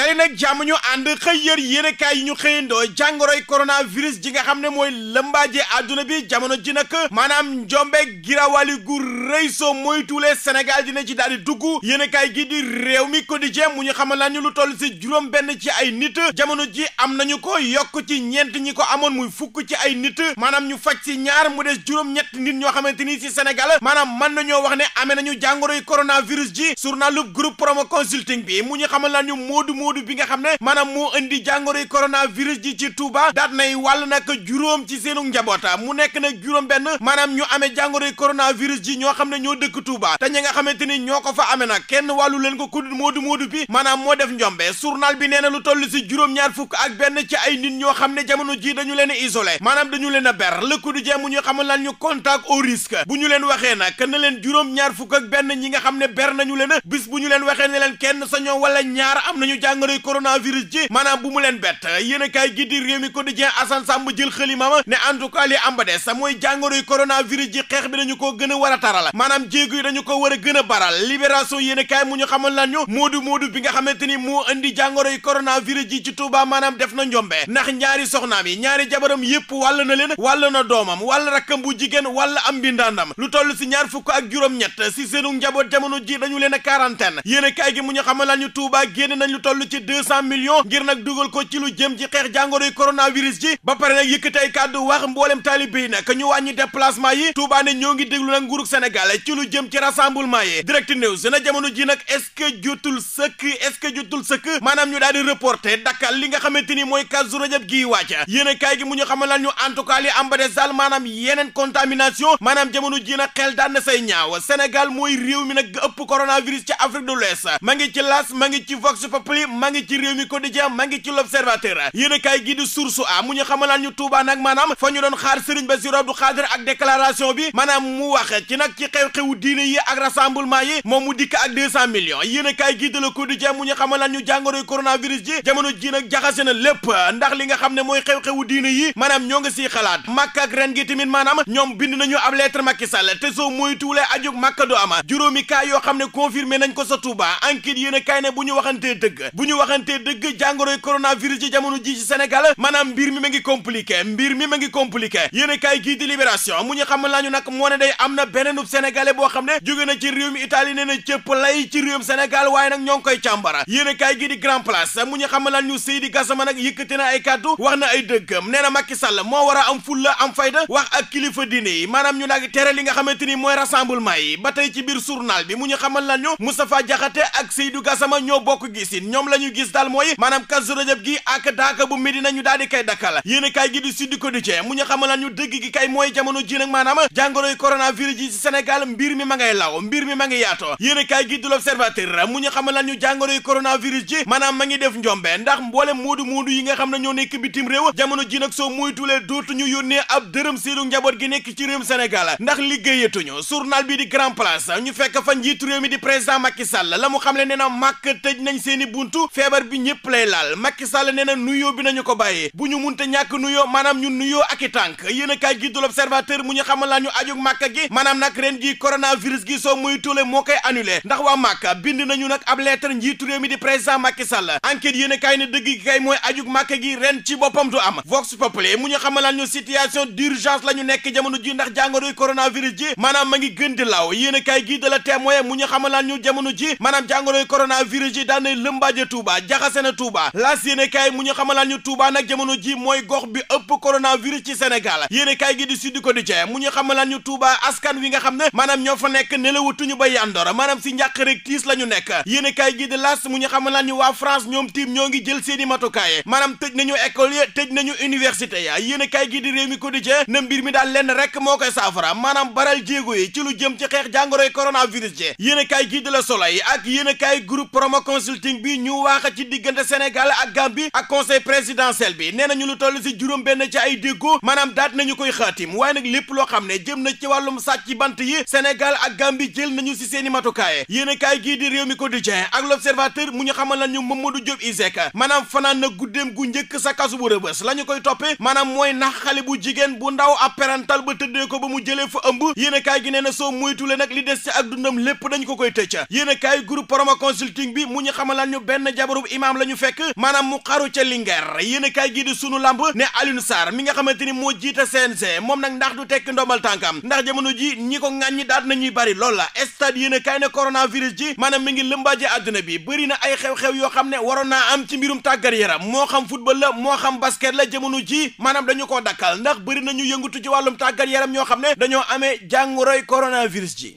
dali nag jàmm ñu ànd xëy yër yéenekaay yi ñu xëyandoo jàngoroy coronavirus ji nga xam ne mooy lëmbaaje àdduna bi jamono ji nag maanaam njombe girawali gu rëy soo moytuwulee ji dina ci daal di dugg yéenekaay gi di réew mi quotidien mu ñu xamal la ñu lu toll si juróom benn ci ay nit jamono ji am nañu ko yokk ci ñeent ñi ko amoon muy fukk ci ay nit maanaam ñu faj si ñaar mu des juróom ñett nit ñoo xamante ni si Sénégal maanaam mën nañoo wax ne ame nañu jàngoroy coronavirus ji journal groupe promo consulting bi mu ñu xamal la ñu moodu Moodu bi nga xam ne maanaam moo indi jàngoroy coronavirus ji ci Touba daat nay wàll nag juróom ci seenu njaboota mu nekk nag juróom benn maanaam ñu amee jàngoroy coronavirus ji ñoo xam ne ñoo dëkk Touba te ñi nga xamante ni ñoo ko fa amee na kenn wàllu leen ko kudd Moodu Moodu bi maanaam moo def njombe journal bi nee na lu toll si juróom-ñaar fukk ak benn ci ay nit ñoo xam ne jamono ji dañu leen isolé maanaam dañu leen a ber Le Quotidien mu ñu xamal lan ñu contact au ñu leen waxee nag na leen juróom-ñaar fukk benn ñi nga xam ne ber nañu leen bis bu ñu leen waxee ne leen kenn sa ñoom wala ñaar am nañu jàng jàngoroy coronavirus ji maanaam bu mu leen bett yéen a kaay gi di réew mi quotidien Assane Samb jël xëlimama ne en tout cas li am ba des mooy jàngoroy coronavirus ji xeex bi dañu ko gën a war a taral maanaam jéego yi dañu ko war a gën a baral libération yéen a kaay mu ñu xamal lan ñu moodu moodu bi nga xamante ni moo indi jàngoroy coronavirus ji ci Touba maanaam def na njombe ndax ñaari soxnaam yi ñaari jabaram yépp wàll na leen wàll na doomam wàll rakkam bu jigéen wàll am bindaandam lu toll si ñaar fukk ak juróom-ñett seenu njaboot jamono ji dañu leen a quarantaine yéen a kaay gi mu nañ lu toll toll ci deux cent millions ngir nag dugal ko ci lu jëm ci xeex jàngoroy coronavirus ji ba pare nag yëkkati ay kàddu wax mboolem taalibe yi nag ñu wàññi déplacement yi Touba ñoo ngi déglu nag nguurug Sénégal ci lu jëm ci rassemblement yi direct news na jamono ji nag est sëkk est sëkk maanaam ñu daal di reporter dakkal li nga xamante ni mooy Kazu Rajab gi wàcc yéen kaay gi mu ñu xamal ñu en tout cas li am ba des daal maanaam yeneen contamination maanaam jamono ji nag xel daan na say ñaaw Sénégal mooy réew mi nag ëpp coronavirus ci Afrique de l'Ouest ma ngi ci las ngi ci maa ngi ci réew mi quotidien maa ngi ci l'observateur yéen a kaay gi di source mu ñu xamalaan ñu Touba nag maanaam fa ñu doon xaar Serigne Bassirou Abdou Khadre ak déclaration bi maanaam mu wax ci nag ci xew-xewu diine yi ak rassemblement yi moom mu dikk ak 200 millions yéen a kaay gi de le quotidien mu ñu xamalaan ñu jàngoroy coronavirus ji jamono ji nag jaxase na lépp ndax li nga xam ne mooy xew-xewu diine yi maanaam ñoo ngi siy xalaat màkk ak ren gi tamit maanaam ñoom bind nañu ab lettre Macky Sall te soo m ajug màkk du ama juróomi kaay xam ne confirmé nañ ko sa Touba enquête yéen a kaay ne bu ñu waxantee dëgg bu ñu waxantee dëgg jàngoroy coronavirus ci jamono ji ci Sénégal maanaam mbir mi ma ngi compliqué mbir mi ma ngi compliqué yéen a kaay gii di libération mu ñu xam la ñu nag moo ne day am na beneenub sénégalais boo xam ne jóge na ci réewum Italie nee na cëpp lay ci réewum Sénégal waaye nag ñoo ngi koy càmbara yéen gi kaay gii di grand place mu ñu xam la ñu Seydi Gassama nag yëkkati na ay kàddu wax na ay dëggam nee na Macky Sall moo war a am fulla am fayda wax ak kilifa diine maanaam ñu nag tere li nga xamante ni mooy rassemblement yi ba tey ci biir journal bi mu ñu xamal la ñu Moustapha Diakhaté ak Seydou Gassama ñoo bokk gisin ñoom la gis daal mooy maanaam kazu rajab gi ak daaka bu Medina ñu daal di kay dakkal yéen a kaay gi di suddi ko di cee mu ñu xamal ñu dëgg gi kay mooy jamono ji nag maanaam jàngoroy coronavirus ji ci mbir mi ma ngay law mbir mi ma ngi yaatoo yéen a kaay gi di l'observateur mu ñu xamal ñu jàngoroy coronavirus ji maanaam ma ngi def njombe ndax mboole moodu moodu yi nga xam ne ñoo nekk bitim réew jamono ji nag soo muytulee dootuñu yónnee ab dërëm seenu njaboot gi nekk ci réewum Sénégal ndax liggéeyatuñu journal bi di grand place ñu fekk fa njiitu réew mi di président Macky Sall la mu xam le nee na màkk tëj nañ seeni buntu gëstu feebar bi ñëpp lay laal Macky Sall nee na nuyoo bi nañu ko bàyyee bu ñu munte ñàkk nuyoo maanaam ñu nuyoo ak i tànk yéen a kaay a kaay ne mu ñu xamal ñu situation d'urgence la nekk jamono ji ndax jàngoroy coronavirus ji maanaam ma ngi gën di law yéen a kaay gi da la mu ñu xamalaan ñu jamono ji maanaam jàngoroy coronavirus ji daanay lëmbaaje Touba jaxase na Touba laas yéene kaay mu ñu xamalaan ñu Touba nag jamono ji mooy gox bi ëpp coronavirus ci Sénégal yéene kaay gi di Sud mu ñu xamalaan ñu Touba askan wi nga xam ne maanaam ñoo fa nekk nelawutuñu ba yàndoor maanaam si njàq rek tiis la ñu nekk yéene kaay gi di laas mu ñu xamalaan ñu waa France ñoom tiim ñoo ngi jël seeni matukaay maanaam tëj nañu école ya tëj nañu université ya yéene kaay gi di Rewmi Quotidien na mbir mi daal lenn rek moo koy waaxa ci diggante Sénégal ak bi ak conseil présidentiel bi nee nañu lu toll si juróom benn ci ay déggoo maanaam daat nañu koy xaatim waaye nag lépp loo xam ne jëm na ci wàllum sàcc bant yi senegal ak Gambie jël nañu si seeni matukaay yéen kaay gii di réew mi quotidien ak l'observateur mu ñu xamal nañu Mamadou Diop ISEC maanaam fanaan na guddeem gu njëkk sa kasu bu rëbës la ñu koy toppee maanaam mooy nax xale bu jigéen bu ndaw ab parental ba tëddee ko ba mu jëlee fa ëmb yéen gi nee na soo moytule nag li des ci ak dundam lépp dañ ko koy tëcc yéen kaay groupe Promo Consulting bi mu ñu xamal nañu benn ne jabarub imaam la ñu fekk maanaam mu xaru ce Linguère yéen a kaay gii di sunu lamb ne Alioune Sarr mi nga xamante ni moo jiite CNG moom nag ndax du tekki ndombal tànkam ndax jamono ji ñi ko ŋàññi daat nañuy bari lool la stade yéen a kaay ne coronavirus ji maanaam mi ngi lëmbaaje àdduna bi bëri na ay xew-xew yoo xam ne waroon naa am ci mbirum tàggat yaram moo xam football la moo xam basket la jamono ji maanaam dañu koo dakkal ndax bëri nañu yëngutu ci wàllum tàggat yaram ñoo xam ne dañoo amee jàngoroy coronavirus ji